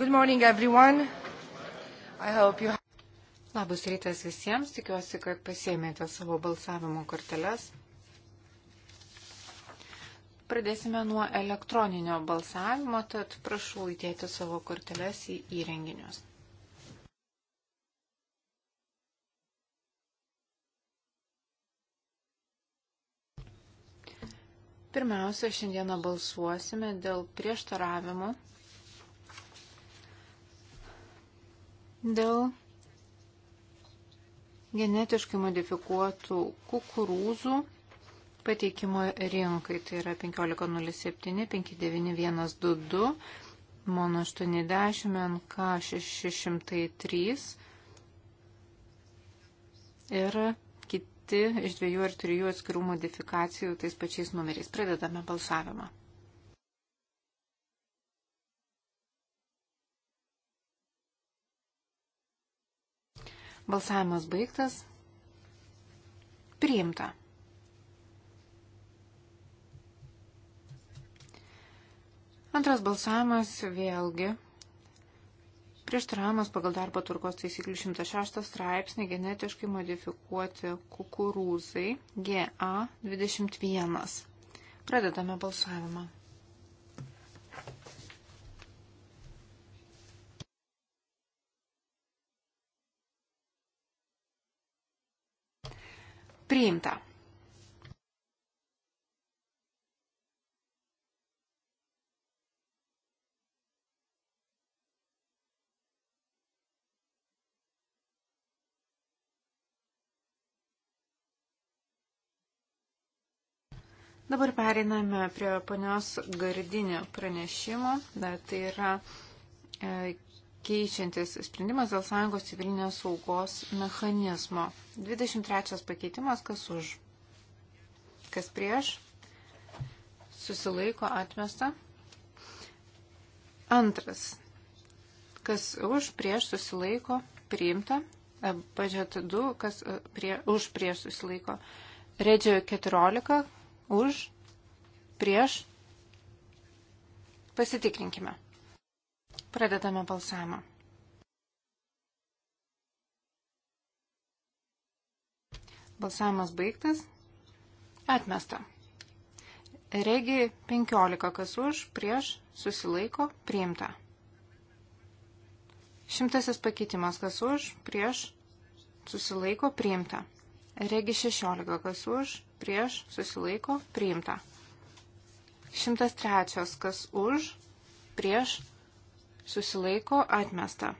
Good morning, everyone. I hope you have... Labas rytas visiems, tikiuosi, kad pasėmėte savo balsavimo korteles. Pradėsime nuo elektroninio balsavimo, tad prašau įdėti savo korteles į įrenginius. Pirmiausia, šiandieną balsuosime dėl prieštaravimų dėl genetiškai modifikuotų kukurūzų pateikimo rinkai. Tai yra 1507, 59122, mono 80, NK 603 ir kiti iš dviejų ar trijų atskirų modifikacijų tais pačiais numeriais. Pradedame balsavimą. Balsavimas baigtas. Priimta. Antras balsavimas vėlgi. Prieštaravimas pagal darbo turkos taisyklių 106 straipsnį genetiškai modifikuoti kukurūzai GA21. Pradedame balsavimą. Dabar periname prie ponios Gardinio pranešimo. Da, tai yra e, keičiantis sprendimas dėl sąjungos civilinės saugos mechanizmo. 23 pakeitimas, kas už, kas prieš, susilaiko atmesta. Antras, kas už, prieš, susilaiko, priimta. E, Pažiūrėt, du, kas e, prie, už, prieš, susilaiko. Redžio 14, už, prieš. Pasitikrinkime. Pradedame balsavimą. Balsavimas baigtas. Atmesta. Regi 15, kas už, prieš, susilaiko, priimta. Šimtasis pakeitimas, kas už, prieš, susilaiko, priimta. Regi 16, kas už, prieš, susilaiko, priimta. 103, kas už, prieš, susilaiko, atmesta.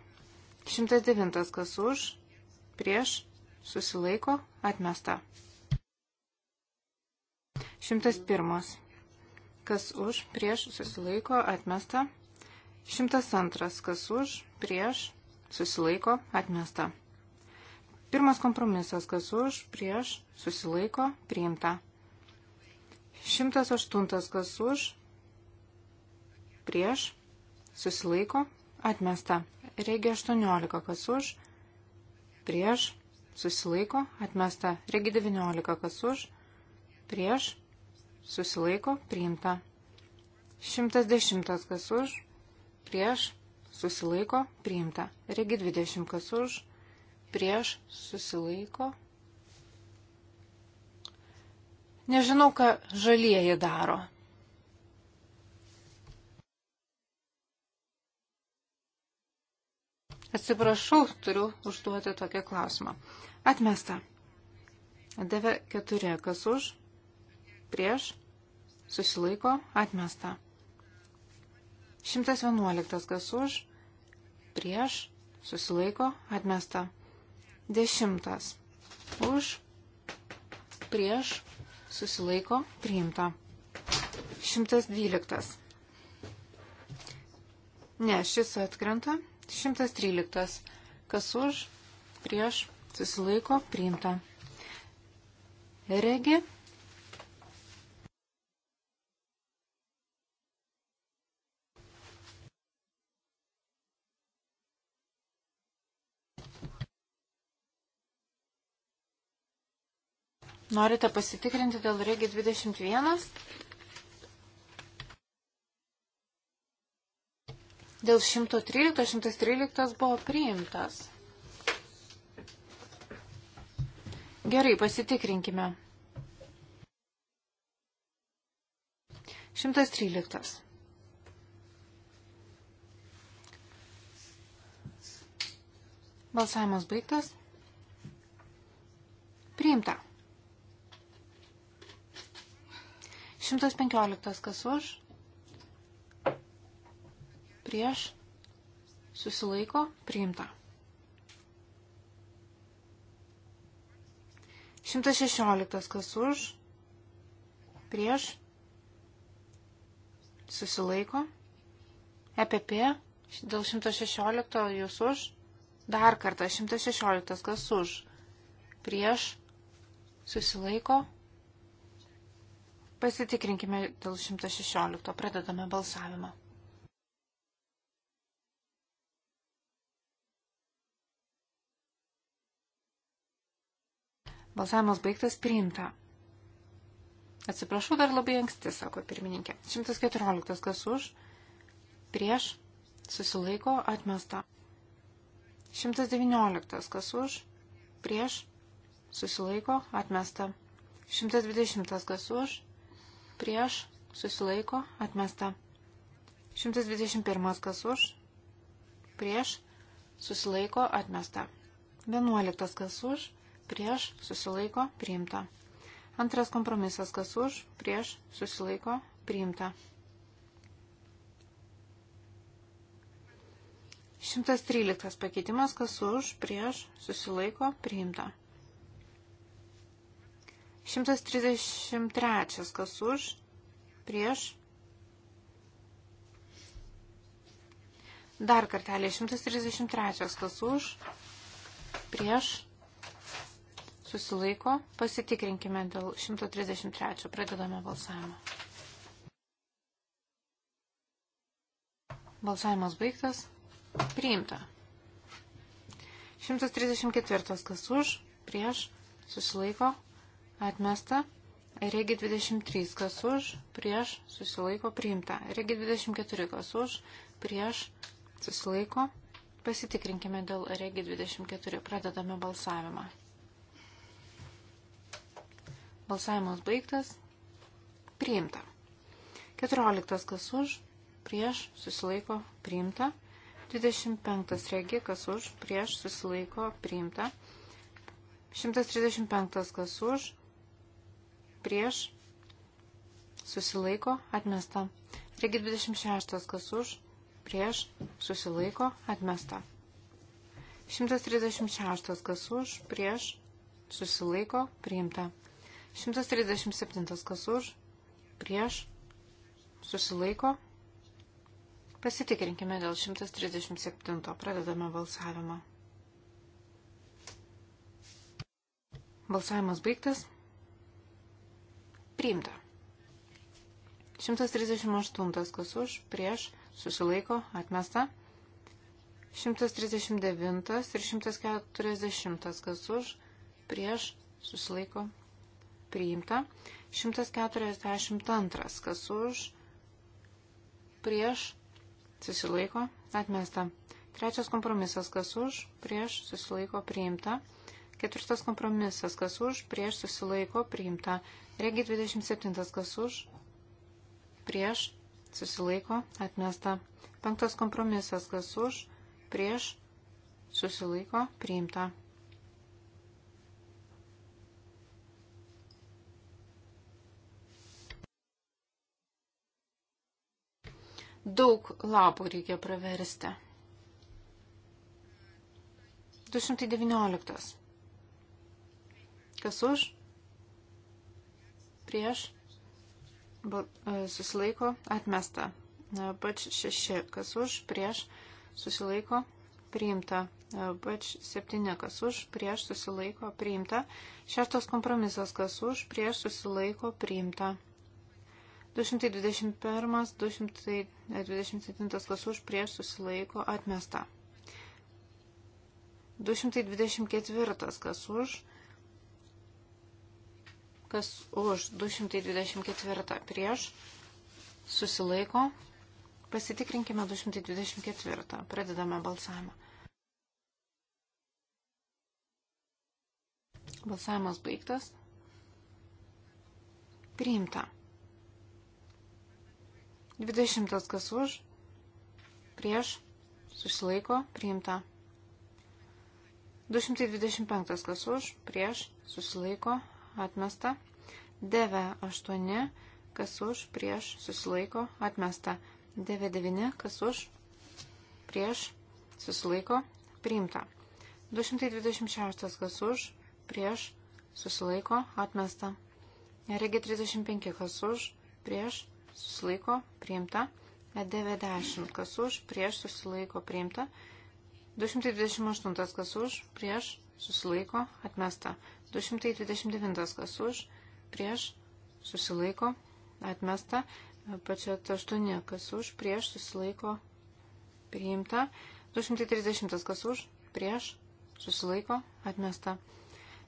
109, kas už, prieš, susilaiko, atmesta. 101, kas už, prieš, susilaiko, atmesta. 102, kas už, prieš, susilaiko, atmesta. Pirmas kompromisas, kas už, prieš, susilaiko, priimta. 108, kas už, prieš, susilaiko, atmesta. Reikia 18, kas už, prieš, susilaiko, atmesta. Reikia 19, kas už, prieš, susilaiko, priimta. 110, kas už, prieš, susilaiko, priimta. Reikia 20, kas už, prieš prieš susilaiko. Nežinau, ką žalieji daro. Atsiprašau, turiu užduoti tokią klausimą. Atmesta. Deve keturi, kas už, prieš, susilaiko, atmesta. 111, kas už, prieš, susilaiko, atmesta. Dešimtas. Už, prieš, susilaiko, priimta. 112. Ne, šis atkrenta. 113. Kas už, prieš, susilaiko, priimta. Regi Norite pasitikrinti dėl regi 21? Dėl 113, 113 buvo priimtas. Gerai, pasitikrinkime. 113. Balsavimas baigtas. Priimta. 115 kas už, prieš, susilaiko, priimta. 116 kas už, prieš, susilaiko, EPP, dėl 116 jūs už, dar kartą 116 kas už, prieš, susilaiko, priimta. Pasitikrinkime dėl 116. Pradedame balsavimą. Balsavimas baigtas priimta. Atsiprašau, dar labai anksti, sako pirmininkė. 114. Kas už? Prieš? Susilaiko? Atmesta. 119. Kas už? Prieš? Susilaiko? Atmesta. 120. Kas už? prieš, susilaiko, atmesta. 121 kas už, prieš, susilaiko, atmesta. 11 kas už, prieš, susilaiko, priimta. Antras kompromisas kas už, prieš, susilaiko, priimta. 113 pakeitimas kas už, prieš, susilaiko, priimta. 133. Kas už? Prieš? Dar kartelį. 133. Kas už? Prieš? Susilaiko. Pasitikrinkime dėl 133. Pradedame balsavimą. Balsavimas baigtas. Priimta. 134 kas už, prieš, susilaiko, atmesta. Regi 23, kas už, prieš, susilaiko priimta. Regi 24, kas už, prieš, susilaiko. Pasitikrinkime dėl Regi 24. Pradedame balsavimą. Balsavimas baigtas. Priimta. 14, kas už, prieš, susilaiko priimta. 25 regi, kas už, prieš, susilaiko, priimta. 135 kas už, prieš, susilaiko, atmesta. Regi 26, kas už, prieš, susilaiko, atmesta. 136, kas už, prieš, susilaiko, priimta. 137, kas už, prieš, susilaiko. Pasitikrinkime dėl 137, pradedame balsavimą. Balsavimas baigtas. Priimta. 138 kas už, prieš, susilaiko, atmesta. 139 ir 140 kas už, prieš, susilaiko, priimta. 142 kas už, prieš, susilaiko, atmesta. Trečias kompromisas kas už, prieš, susilaiko, priimta. Ketvirtas kompromisas, kas už, prieš susilaiko priimta. Regi 27, kas už, prieš susilaiko atmesta. Penktas kompromisas, kas už, prieš susilaiko priimta. Daug lapų reikia praversti. 219. Kas už? Prieš? E, susilaiko? Atmesta. E, pač šeši. Kas už? Prieš? Susilaiko? Priimta. E, pač septyni. Kas už? Prieš? Susilaiko? Priimta. Šeštas kompromisas. Kas už? Prieš? Susilaiko? Priimta. 221, 227 kas už prieš susilaiko atmesta. 224 kas už kas už 224 prieš, susilaiko. Pasitikrinkime 224. Pradedame balsavimą. Balsavimas baigtas. Priimta. 20 kas už, prieš, susilaiko, priimta. 225 kas už, prieš, susilaiko, atmesta. DV8, kas už, prieš, susilaiko, atmesta. DV9, kas už, prieš, susilaiko, priimta. 226, kas už, prieš, susilaiko, atmesta. Regi 35, kas už, prieš, susilaiko, priimta. E90, kas už, prieš, susilaiko, priimta. 228, kas už, prieš, susilaiko, atmesta. 229 kas už, prieš, susilaiko, atmesta. Pačia 8 kas už, prieš, susilaiko, priimta. 230 kas už, prieš, susilaiko, atmesta.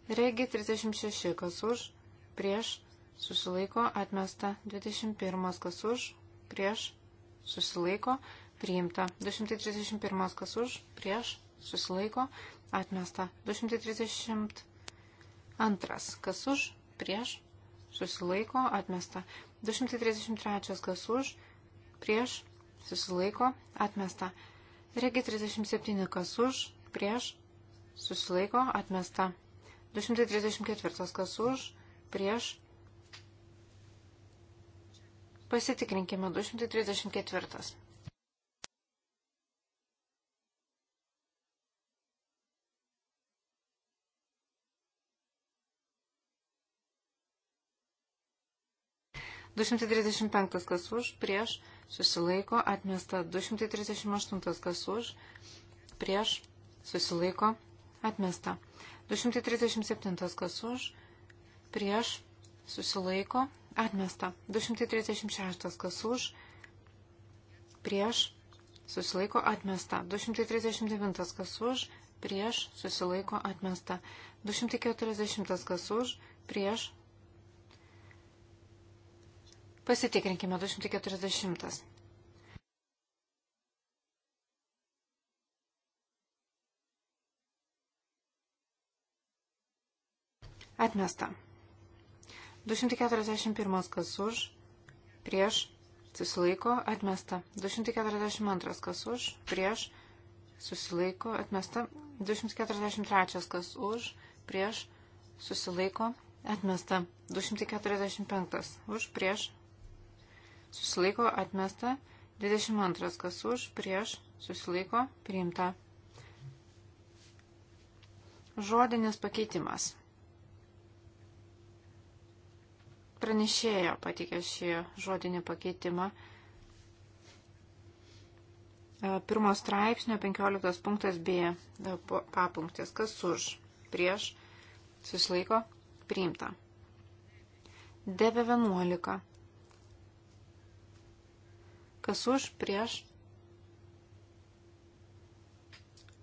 Regi 36 kas už, prieš, susilaiko, atmesta. 21 kas už, prieš, susilaiko, priimta. 231 kas už, prieš, susilaiko, atmesta. 232 Antras, kas už, prieš, susilaiko, atmesta. 233, kas už, prieš, susilaiko, atmesta. Regi 37, kas už, prieš, susilaiko, atmesta. 234, kas už, prieš. Pasitikrinkime 234. 235 kas už, prieš, susilaiko, atmesta. 238 kas už, prieš, susilaiko, atmesta. 237 kas už, prieš, susilaiko, atmesta. 236 kas už, prieš, susilaiko, atmesta. 239 kas už, prieš, susilaiko, atmesta. 240 kas už, prieš, Pasitikrinkime 240. Atmesta. 241 kas už, prieš, susilaiko, atmesta. 242 kas už, prieš, susilaiko, atmesta. 243 kas už, prieš, susilaiko, atmesta. 245 už, prieš, susilaiko atmesta, 22 kas už, prieš, susilaiko priimta. Žodinis pakeitimas. Pranešėjo patikė šį žodinį pakeitimą. E, pirmo straipsnio 15 punktas B e, papunktis. Kas už? Prieš. Susilaiko. Priimta. DV11 Kas už, prieš.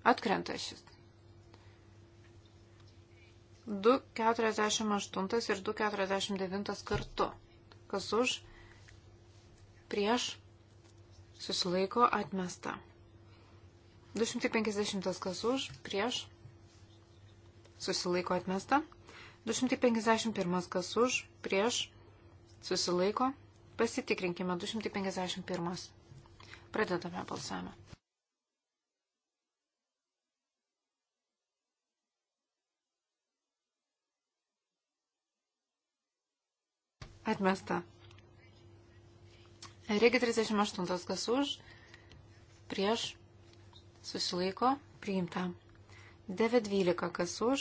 Atkrenta šis. 2.48 ir 2.49 kartu. Kas už, prieš, susilaiko atmesta. 250 kas už, prieš, susilaiko atmesta. 251 kas už, prieš, susilaiko atmesta. Pasitikrinkime 251. Pradedame balsavimą. Atmesta. Reikia 38 kas už, prieš, susilaiko, priimta. 912 kas už,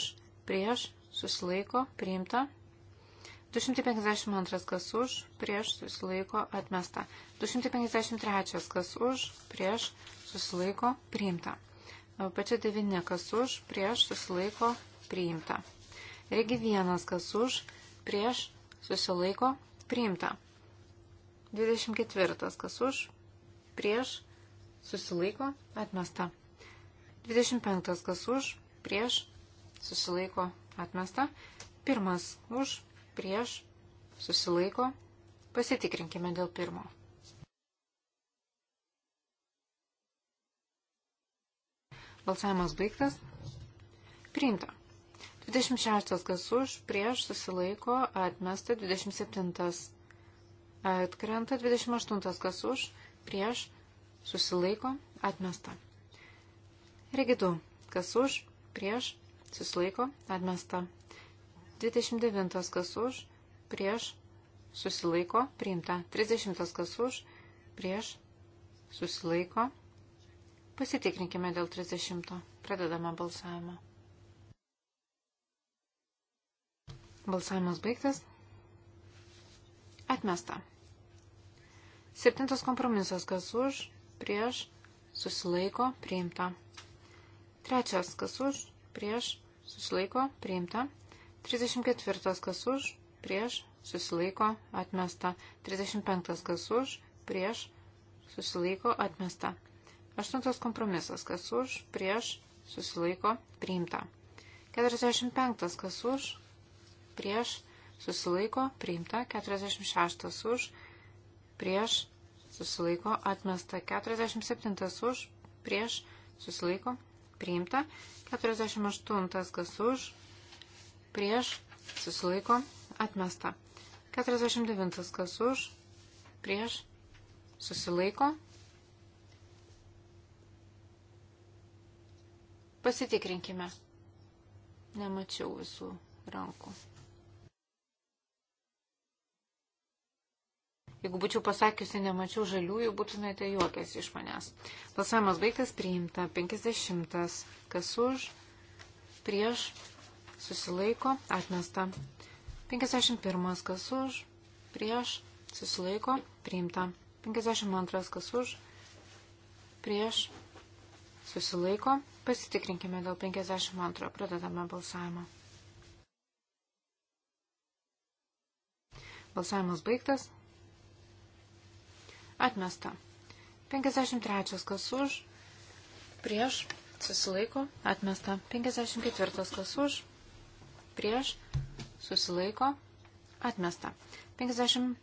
prieš, susilaiko, priimta. 252 kas už, prieš susilaiko atmesta. 253 kas už, prieš susilaiko priimta. Pačia 9 kas už, prieš susilaiko priimta. Regi 1 kas už, prieš susilaiko priimta. 24 kas už, prieš susilaiko atmesta. 25 kas už, prieš susilaiko atmesta. Pirmas už, prieš, susilaiko, pasitikrinkime dėl pirmo. Balsavimas baigtas. Priimta. 26 kas už, prieš, susilaiko, atmesta, 27 atkrenta, 28 kas už, prieš, susilaiko, atmesta. Regidu, kas už, prieš, susilaiko, atmesta. 29 kas už, prieš, susilaiko, priimta. 30 kas už, prieš, susilaiko. Pasitikrinkime dėl 30. Pradedame balsavimą. Balsavimas baigtas. Atmesta. Septintas kompromisas, kas už, prieš, susilaiko, priimta. Trečias, kas už, prieš, susilaiko, priimta. 34 kas už, prieš, susilaiko, atmesta. 35 kas už, prieš, susilaiko, atmesta. 8 kompromisas kas už, prieš, susilaiko, priimta. 45 kas už, prieš, susilaiko, priimta. 46 už, prieš, susilaiko, atmesta. 47 už, prieš, susilaiko, priimta. 48 kas už, prieš, susilaiko, atmesta. 49 kas už, prieš, susilaiko. Pasitikrinkime. Nemačiau visų rankų. Jeigu būčiau pasakiusi, nemačiau žaliųjų, būtumėte juokęs iš manęs. Balsavimas baigtas priimta. 50. Kas už? Prieš susilaiko, atmesta. 51 kas už, prieš, susilaiko, priimta. 52 kas už, prieš, susilaiko. Pasitikrinkime dėl 52. Pradedame balsavimą. Balsavimas baigtas. Atmesta. 53 kas už, prieš, susilaiko, atmesta. 54 kas už, prieš, susilaiko, atmesta. 55,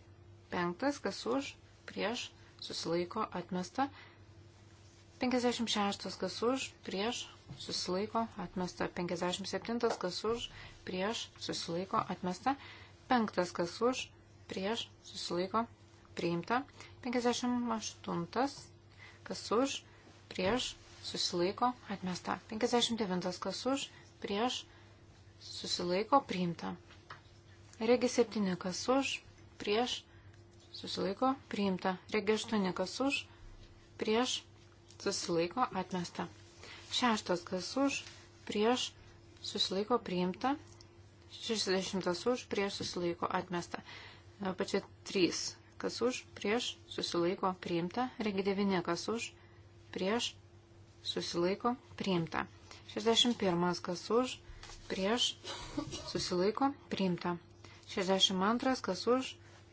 kas už, prieš, susilaiko, atmesta. 56, kas už, prieš, susilaiko, atmesta. 57, kas už, prieš, susilaiko, atmesta. 5, kas už, prieš, susilaiko, priimta. 58, kas už, prieš, susilaiko, atmesta. 59, kas už, prieš, susilaiko priimta. Regi 7 kas už, prieš, susilaiko priimta. Regi 8 kas už, prieš, susilaiko atmesta. Šeštas kas už, prieš, susilaiko priimta. 60 už, prieš, susilaiko atmesta. Pačia 3 kas už, prieš, susilaiko, priimta, regi 9, kas už, prieš, susilaiko, priimta. 61, kas už, prieš, susilaiko, priimta. 62, kas už,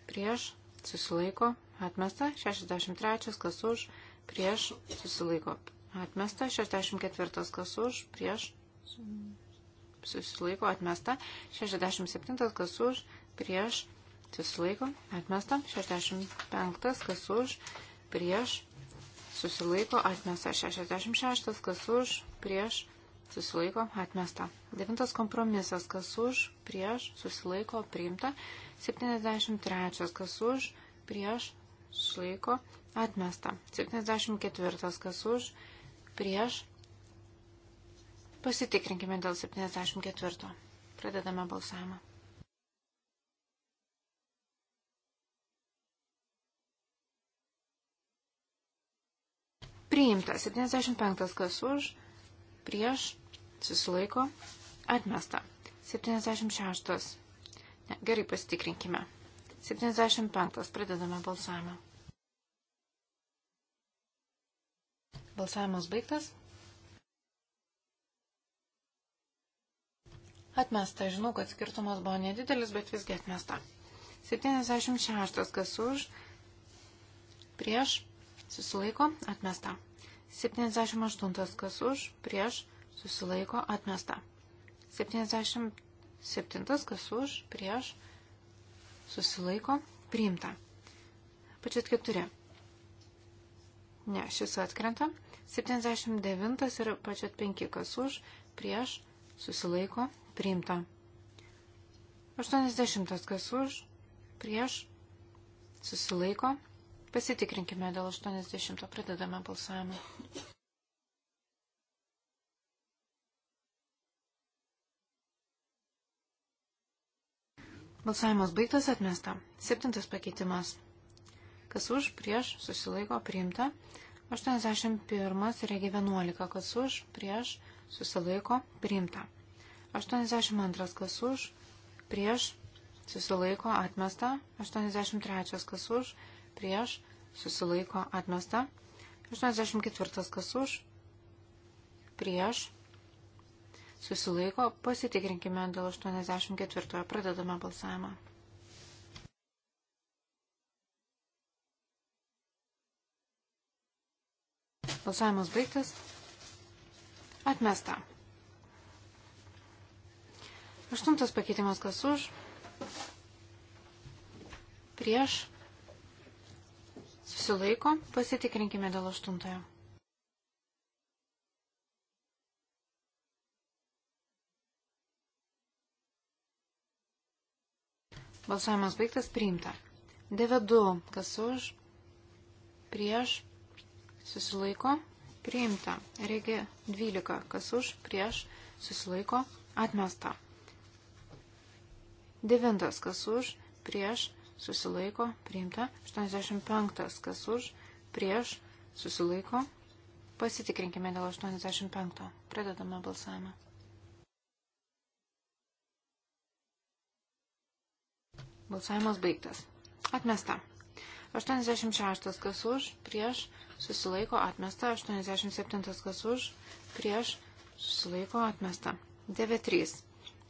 prieš, susilaiko, atmesta. 63, kas už, prieš, susilaiko, atmesta. 64, kas už, prieš, susilaiko, atmesta. 67, kas už, prieš, susilaiko, atmesta. 65, kas už, prieš, susilaiko, atmesta. 66, kas už, prieš, susilaiko atmesta. Devintas kompromisas, kas už, prieš, susilaiko priimta. 73, kas už, prieš, susilaiko atmesta. 74, kas už, prieš. Pasitikrinkime dėl 74. Pradedame balsavimą. Priimta 75 kas už, prieš, susilaiko, atmesta. 76. Ne, gerai, pasitikrinkime. 75. Pradedame balsavimą. Balsavimas baigtas. Atmesta. Žinau, kad skirtumas buvo nedidelis, bet visgi atmesta. 76. Kas už? Prieš. Susilaiko. Atmesta. 78 kas už, prieš, susilaiko, atmesta. 77 kas už, prieš, susilaiko, priimta. Pačiat keturi. Ne, šis atkrenta. 79 ir pačiat penki kas už, prieš, susilaiko, priimta. 80 kas už, prieš, susilaiko, priimta Pasitikrinkime dėl 80. Pradedame balsavimą. Balsavimas baigtas atmesta. Septintas pakeitimas. Kas už, prieš, susilaiko, priimta. 81 regi 11. Kas už, prieš, susilaiko, priimta. 82. Kas už, prieš, susilaiko, atmesta. 83. Kas už, prieš prieš, susilaiko atmesta. 84 kas už, prieš, susilaiko, pasitikrinkime dėl 84, pradedame balsavimą. Balsavimas baigtas. Atmesta. Aštuntas pakeitimas kas už. Prieš. Susilaiko. Pasitikrinkime dėl aštuntojo. Balsavimas baigtas priimta. 9.2. Kas už? Prieš. Susilaiko. Priimta. Reikia 12. Kas už? Prieš. Susilaiko. Atmesta. 9. Kas už? Prieš susilaiko, priimta. 85, kas už, prieš, susilaiko. Pasitikrinkime dėl 85. Pradedame balsavimą. Balsavimas baigtas. Atmesta. 86, kas už, prieš, susilaiko, atmesta. 87, kas už, prieš, susilaiko, atmesta. 93,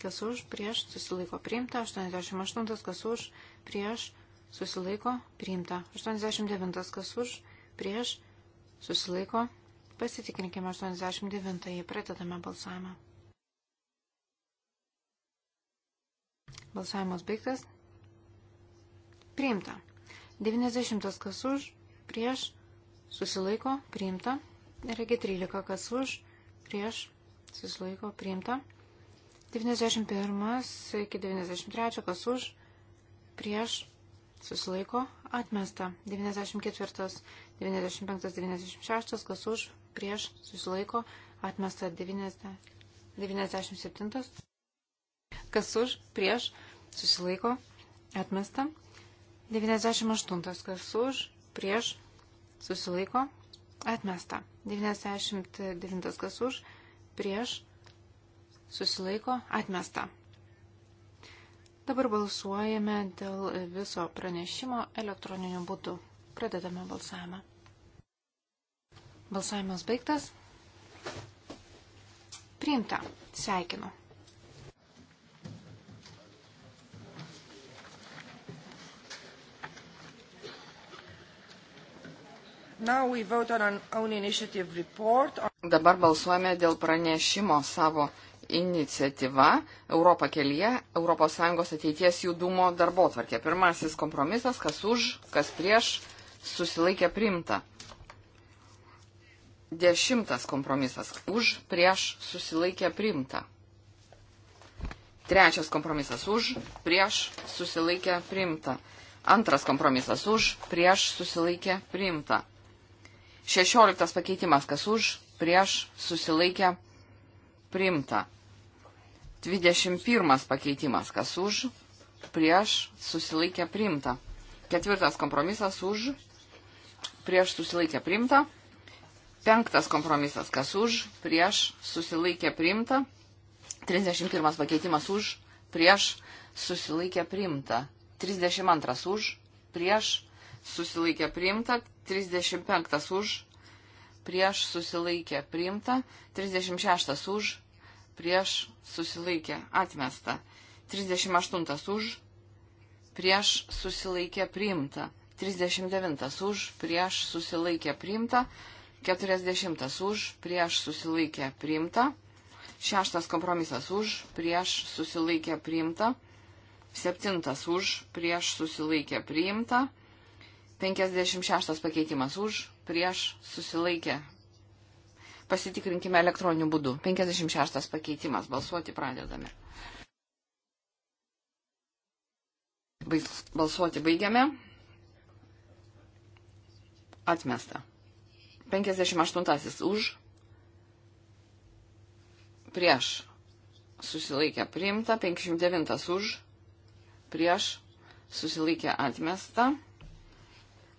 kas už, prieš, susilaiko, priimta. 88, kas už, prieš prieš, susilaiko, priimta. 89 kas už, prieš, susilaiko, pasitikrinkime 89-ąjį, pradedame balsavimą. Balsavimas baigtas. Priimta. 90 kas už, prieš, susilaiko, priimta. Regi 13 kas už, prieš, susilaiko, priimta. 91 iki 93 kas už, prieš, susilaiko, atmesta. 94, 95, 96, kas už, prieš, susilaiko, atmesta. 90, 97, kas už, prieš, susilaiko, atmesta. 98, kas už, prieš, susilaiko, atmesta. 99, kas už, prieš, susilaiko, atmesta. Dabar balsuojame dėl viso pranešimo elektroniniu būdu. Pradedame balsavimą. Balsavimas baigtas. Priimta. Sveikinu. Dabar balsuojame dėl pranešimo savo iniciatyva Europa kelyje, ES ateities judumo darbo tvarkė. Pirmasis kompromisas, kas už, kas prieš, susilaikė primta. Dešimtas kompromisas, už, prieš, susilaikė primta. Trečias kompromisas, už, prieš, susilaikė primta. Antras kompromisas, už, prieš, susilaikė primta. Šešioliktas pakeitimas, kas už, prieš, susilaikė primta. 21 pakeitimas, kas už, prieš, susilaikė primta. Ketvirtas kompromisas už, prieš, susilaikė primta. Penktas kompromisas, kas už, prieš, susilaikė primta. 31 pakeitimas už, prieš, susilaikė primta. 32 už, prieš, susilaikė primta. 35 už, prieš, susilaikė primta. 36 už, prieš susilaikė atmesta. 38 už, prieš susilaikė priimta. 39 už, prieš susilaikė priimta. 40 už, prieš susilaikė priimta. Šeštas kompromisas už, prieš susilaikė priimta. Septintas už, prieš susilaikė priimta. 56 pakeitimas už, prieš susilaikė Pasitikrinkime elektroniniu būdu. 56 pakeitimas. Balsuoti pradedame. Balsuoti baigiame. Atmesta. 58 už. Prieš. Susilaikė priimta. 59 už. Prieš. Susilaikė atmesta.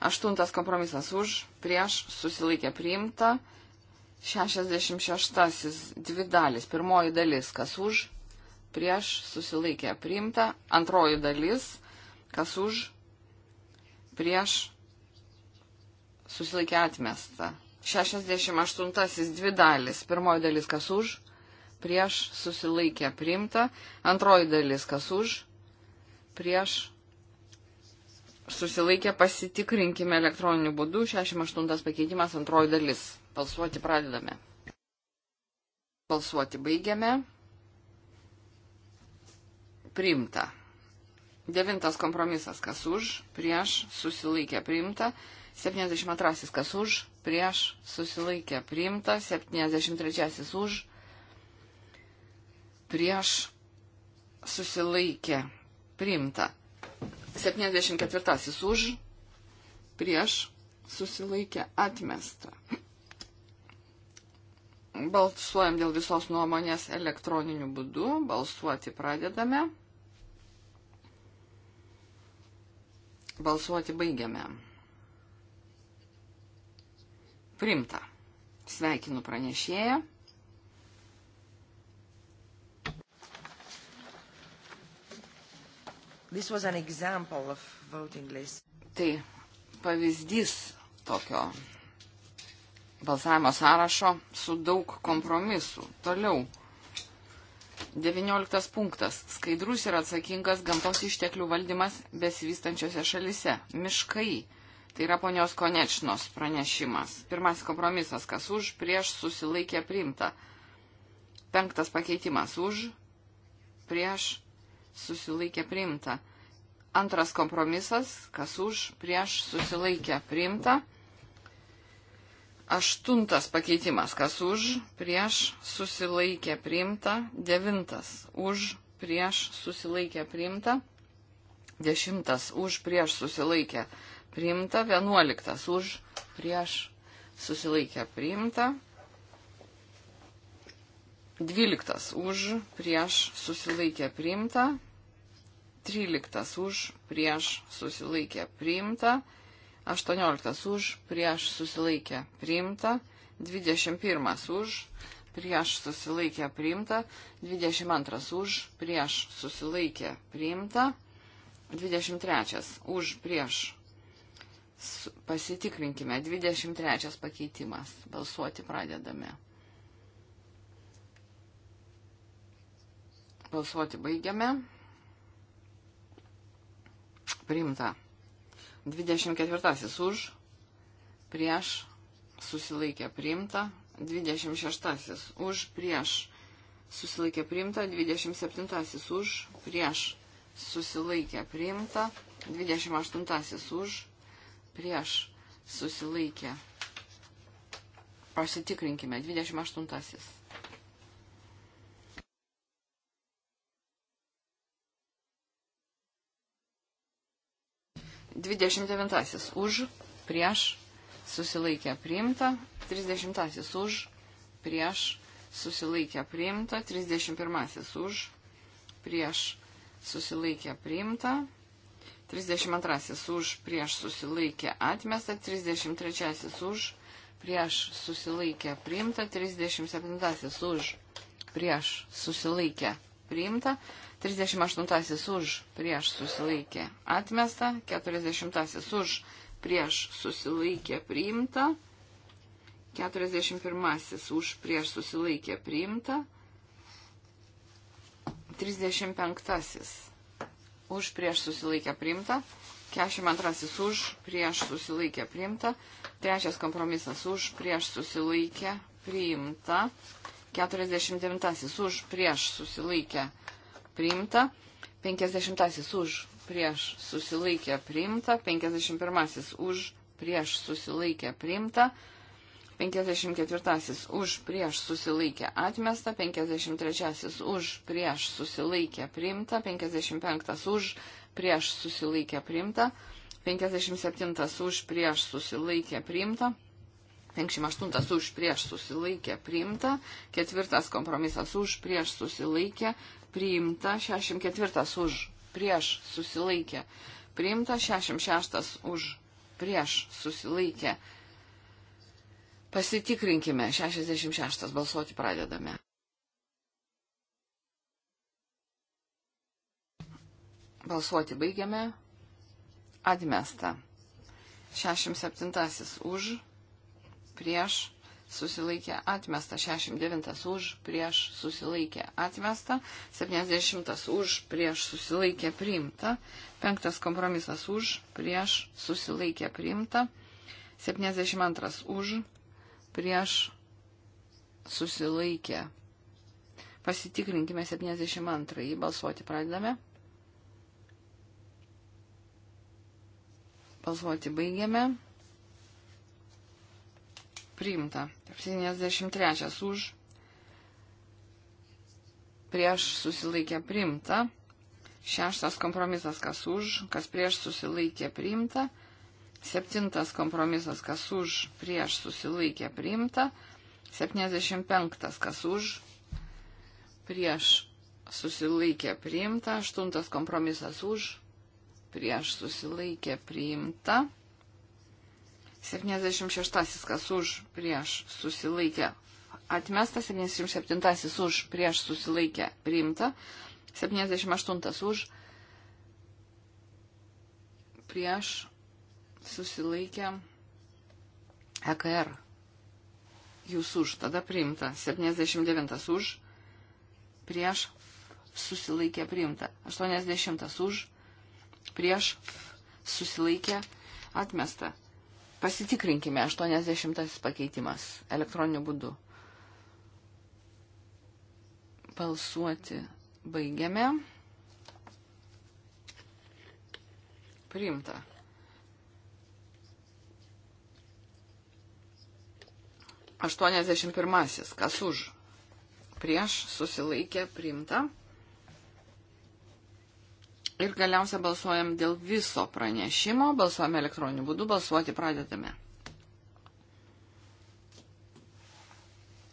Aštuntas kompromisas už, prieš, susilaikė priimta. 66. Dvi dalis. Pirmoji dalis, kas už, prieš, susilaikė priimta. Antroji dalis, kas už, prieš, susilaikė atmesta. 68. Dvi dalis. Pirmoji dalis, kas už, prieš, susilaikė priimta. Antroji dalis, kas už, prieš, susilaikė pasitikrinkime elektroniniu būdu. 68. pakeitimas, antroji dalis. Balsuoti pradedame. Balsuoti baigiame. Primta. Devintas kompromisas, kas už, prieš, susilaikė priimta. 72 kas už, prieš, susilaikė priimta. 73 už, prieš, susilaikė priimta. 74 už, prieš, susilaikė atmesta. Balsuojam dėl visos nuomonės elektroniniu būdu. Balsuoti pradedame. Balsuoti baigiame. Primta. Sveikinu pranešėją. Tai pavyzdys tokio balsavimo sąrašo su daug kompromisų. Toliau. 19 punktas. Skaidrus ir atsakingas gamtos išteklių valdymas besivystančiose šalise. Miškai. Tai yra ponios konečnos pranešimas. Pirmasis kompromisas, kas už, prieš susilaikė priimta. Penktas pakeitimas už, prieš susilaikė priimta. Antras kompromisas, kas už, prieš susilaikė priimta. Aštuntas pakeitimas, kas už, prieš, susilaikė priimta. Devintas, už, prieš, susilaikė priimta. Dešimtas, už, prieš, susilaikė priimta. Vienuoliktas, už, prieš, susilaikė priimta. Dvyliktas, už, prieš, susilaikė priimta. Tryliktas, už, prieš, susilaikė priimta. 13, už, prieš, susilaikė, priimta. 18 už, prieš susilaikė priimta, 21 už, prieš susilaikė priimta, 22 už, prieš susilaikė priimta, 23 už, prieš pasitikrinkime, 23 pakeitimas, balsuoti pradedame. Balsuoti baigiame. Priimta. 24 už, prieš, susilaikė priimta, 26 už, prieš, susilaikė priimta, 27 už, prieš, susilaikė priimta, 28 už, prieš, susilaikė. Pasitikrinkime, 28. 29 už, prieš, susilaikė priimta. 30 už, prieš, susilaikė priimta. 31 už, prieš, susilaikė priimta. 32 už, prieš, susilaikė atmesta. 33 už, prieš, susilaikė priimta. 37 už, prieš, susilaikė priimta priimta, 38 už prieš susilaikė atmesta, 40 už prieš susilaikė priimta, 41 už prieš susilaikė priimta, 35 už prieš susilaikę priimta, 42 už prieš susilaikę priimta, 3 kompromisas už prieš susilaikę priimta, 49 už prieš susilaikę priimta. 50 už prieš susilaikę priimta. 51 už prieš susilaikę priimta. 54 už prieš susilaikę atmesta, 53 už prieš susilaikę priimta, 55 už prieš susilaikę priimta, 57 už prieš susilaikę priimta, 58 už prieš susilaikė priimta, 4 kompromisas už prieš susilaikė priimta, 64 už prieš susilaikė priimta, 66 už prieš susilaikė. Pasitikrinkime, 66 balsuoti pradedame. Balsuoti baigiame. Atmesta. 67 už prieš susilaikė atmesta, 69 už, prieš susilaikė atmesta, 70 už, prieš susilaikė priimta, 5 kompromisas už, prieš susilaikė priimta, 72 už, prieš susilaikė. Pasitikrinkime 72, jį balsuoti pradedame. Balsuoti baigiame priimta. 73 už, prieš susilaikė priimta. Šeštas kompromisas, kas už, kas prieš susilaikė priimta. Septintas kompromisas, kas už, prieš susilaikė priimta. 75, kas už, prieš susilaikė priimta. Aštuntas kompromisas už, prieš susilaikė priimta. 76 kas už prieš susilaikė atmestas, 77 už prieš susilaikė priimta, 78 už prieš susilaikė EKR. Er. Jūs už tada priimta, 79 už prieš susilaikė priimta, 80 už prieš susilaikė atmesta. Pasitikrinkime 80 pakeitimas elektroniniu būdu. Balsuoti baigiame. Priimta. Aštuoniasdešimt pirmasis. Kas už? Prieš susilaikė priimta. Ir galiausia balsuojam dėl viso pranešimo, balsuojam elektroniniu būdu, balsuoti pradedame.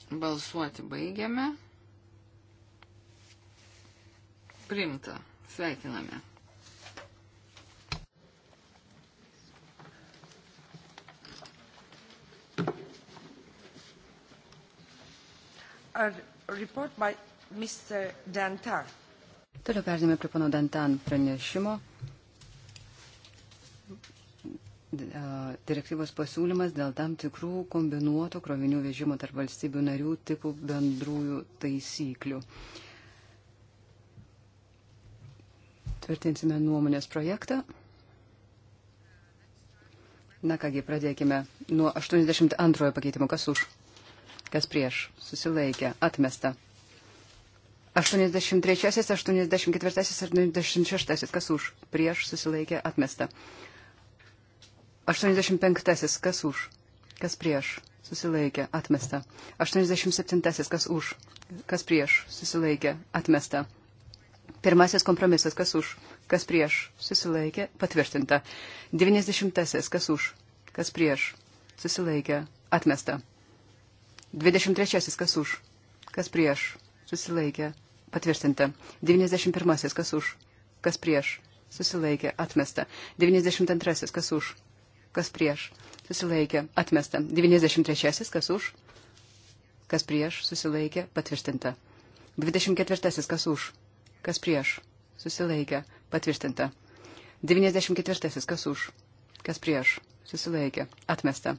Balsuoti baigiame. Primta. Sveikiname. A report by Mr. Dantar. Toliau perdėme prie pano Dantan pranešimo. Direktyvos pasiūlymas dėl tam tikrų kombinuoto krovinių vežimo tarp valstybių narių tipų bendrųjų taisyklių. Tvirtinsime nuomonės projektą. Na kągi, pradėkime nuo 82 pakeitimo. Kas už? Kas prieš? Susilaikė. Atmesta. 83, 84 ir 96, kas už, prieš susilaikė atmesta. 85, kas už, kas prieš susilaikė atmesta. 87, kas už, kas prieš susilaikė atmesta. Pirmasis kompromisas, kas už, kas prieš susilaikė patvirtinta. 90, kas už, kas prieš susilaikė atmesta. 23, kas už, kas prieš susilaikė, patvirtinta. 91. Kas už, kas prieš, susilaikė, atmesta. 92. Kas už, kas prieš, susilaikė, atmesta. 93. Kas už, kas prieš, susilaikė, patvirtinta. 24. Kas už, kas prieš, susilaikė, patvirtinta. 94. Kas už, kas prieš, susilaikė, atmesta.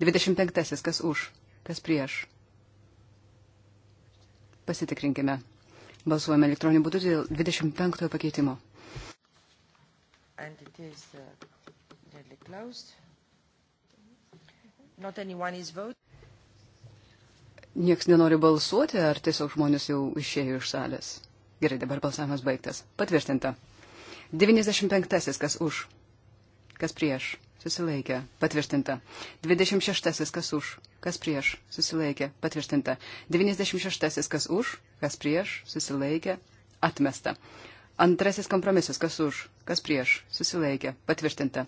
25. Kas už, kas prieš, Pasitikrinkime. Balsuojame elektroniniu būdu dėl 25 pakeitimo. Uh, Niekas nenori balsuoti, ar tiesiog žmonės jau išėjo iš salės. Gerai, dabar balsavimas baigtas. Patvirtinta. 95. Kas už? Kas prieš? susilaikė, patvirtinta. 26. kas už, kas prieš, susilaikė, patvirtinta. 96. kas už, kas prieš, susilaikė, atmesta. Antrasis kompromisas, kas už, kas prieš, susilaikė, patvirtinta.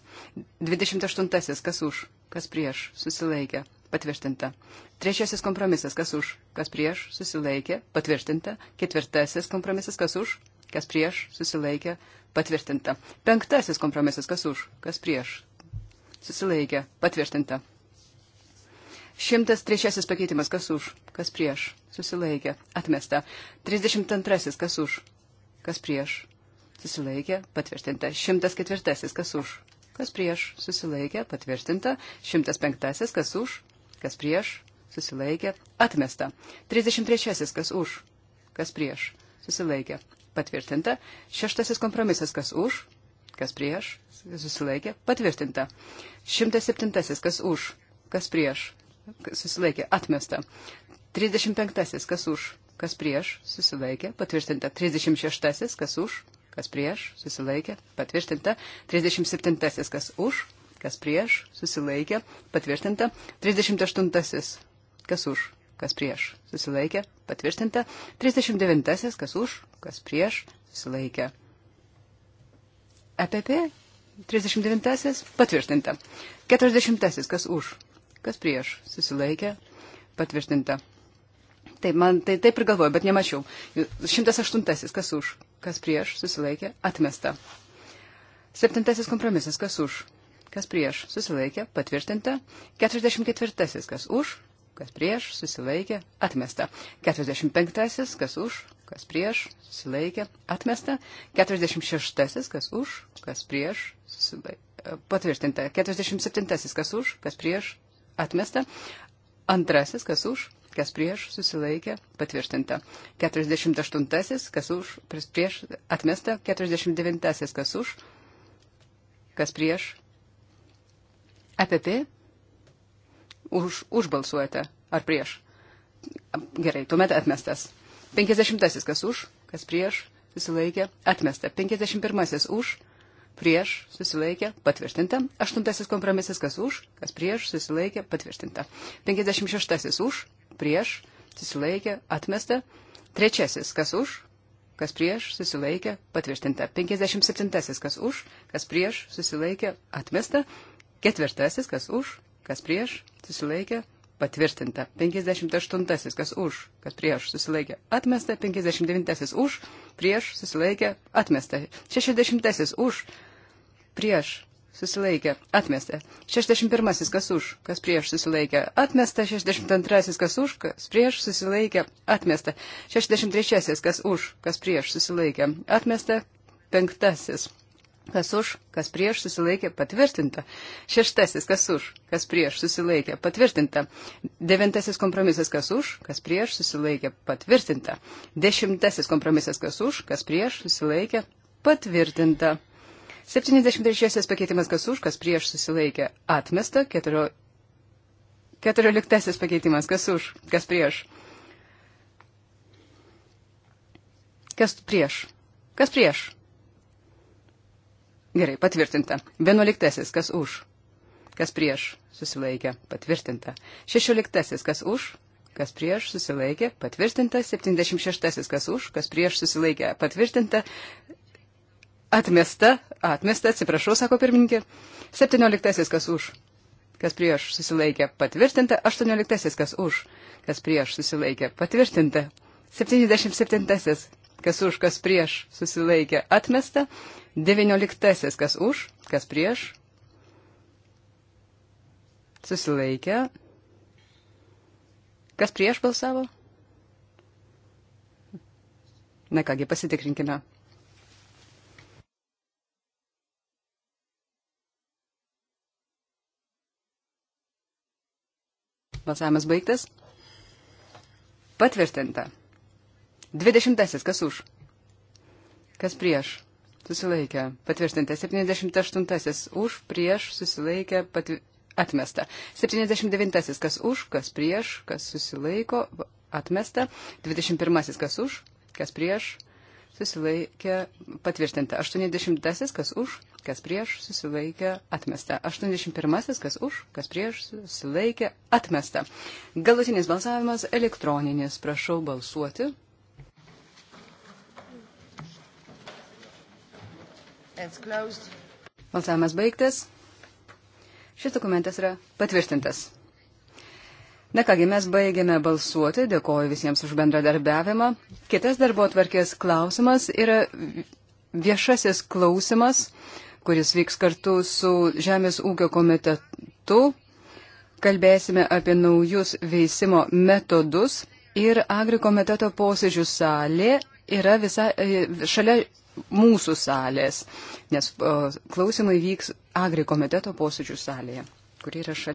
28. kas už, kas prieš, susilaikė, patvirtinta. Trečiasis kompromisas, kas už, kas prieš, susilaikė, patvirtinta. Ketvirtasis kompromisas, kas už, kas prieš, susilaikė, patvirtinta. Penktasis kompromisas, kas už, kas prieš, susilaikė, patvirtinta. 103 pakeitimas, kas už, kas prieš, susilaikė, atmesta. 32 kas už, kas prieš, susilaikė, patvirtinta. 104 kas už, kas prieš, susilaikė, patvirtinta. 105 kas už, kas prieš, susilaikė, atmesta. 33 kas už, kas prieš, susilaikė, patvirtinta. Šeštasis kompromisas, kas už, kas prieš, susilaikė, patvirtinta. 107. kas už, kas prieš, susilaikė, atmesta. 35. kas už, kas prieš, susilaikė, patvirtinta. 36. kas už, kas prieš, susilaikė, patvirtinta. 37. kas už, kas prieš, susilaikė, patvirtinta. 38. kas už, kas prieš, susilaikė, patvirtinta. 39. kas už, kas prieš, susilaikė. EPP 39 patvirtinta. 40 kas už, kas prieš susilaikė patvirtinta. Taip, man tai taip ir galvoju, bet nemačiau. 108 kas už, kas prieš susilaikė atmesta. 7 kompromisas kas už, kas prieš susilaikė patvirtinta. 44 kas už, kas prieš, susilaikė, atmesta. 45, kas už, kas prieš, susilaikė, atmesta. 46, kas už, kas prieš, susilaikė, patvirtinta. 47, kas už, kas prieš, atmesta. Antrasis, kas už, kas prieš, susilaikė, patvirtinta. 48, kas už, prieš, atmesta. 49, kas už, kas prieš, APP Už, užbalsuojate ar prieš? Gerai, tuomet atmestas. 50 kas už, kas prieš, susilaikė, atmesta. 51 už, prieš, susilaikė, patvirtinta. 8 kompromisas kas už, kas prieš, susilaikė, patvirtinta. 56 už, prieš, susilaikė, atmesta. Trečiasis kas už, kas prieš, susilaikė, patvirtinta. 57 kas už, kas prieš, susilaikė, atmesta. Ketvirtasis kas už, kas prieš, susilaikė, patvirtinta. 58. kas už, kas prieš, susilaikė, atmesta. 59. už, prieš, susilaikė, atmesta. 60. už, prieš, susilaikė, atmesta. 61. kas už, kas prieš, susilaikė, atmesta. 62. kas už, kas prieš, susilaikė, atmesta. 63. kas už, kas prieš, susilaikė, atmesta. 5. Kas už, kas prieš susilaikė patvirtinta. Šeštasis, kas už, kas prieš susilaikė patvirtinta. Devintasis kompromisas, kas už, kas prieš susilaikė patvirtinta. Dešimtasis kompromisas, kas už, kas prieš susilaikė patvirtinta. 73 pakeitimas, kas už, kas prieš susilaikė atmesta. 14 pakeitimas, kas už, kas prieš. Kas prieš? Kas prieš? Gerai, patvirtinta. Vienuoliktasis, kas už, kas prieš, susilaikė, patvirtinta. Šešioliktasis, kas už, kas prieš, susilaikė, patvirtinta. Septyniasdešimt šeštasis, kas už, kas prieš, susilaikė, patvirtinta. Atmesta, atmesta, atsiprašau, sako pirmininkė. Septynioliktasis, kas už, kas prieš, susilaikė, patvirtinta. Aštuonioliktasis, kas už, kas prieš, susilaikė, patvirtinta. Septyniasdešimt septintasis, kas už, kas prieš susilaikė atmesta. Devinioliktasis, kas už, kas prieš susilaikė. Kas prieš balsavo? Na kągi, pasitikrinkime. Balsavimas baigtas. Patvirtinta. Dvidešimtasis, kas už? Kas prieš? Susilaikė. Patvirtinta. 78. Už, prieš, susilaikė, patvi... atmesta. 79. Kas už, kas prieš, kas susilaiko, atmesta. 21. Kas už, kas prieš, susilaikė, patvirtinta. 80. Kas už, kas prieš, susilaikė, atmesta. 81. Kas už, kas prieš, susilaikė, atmesta. Galutinis balsavimas elektroninis. Prašau balsuoti. Balsavimas baigtas. Šis dokumentas yra patvirtintas. Na kągi, mes baigėme balsuoti, dėkoju visiems už bendradarbiavimą. Kitas darbo atvarkės klausimas yra viešasis klausimas, kuris vyks kartu su Žemės ūkio komitetu. Kalbėsime apie naujus veisimo metodus ir agrikomiteto posėdžių salė yra visa e, šalia mūsų salės, nes klausimai vyks Agri komiteto posėdžių salėje, kuri yra šalia.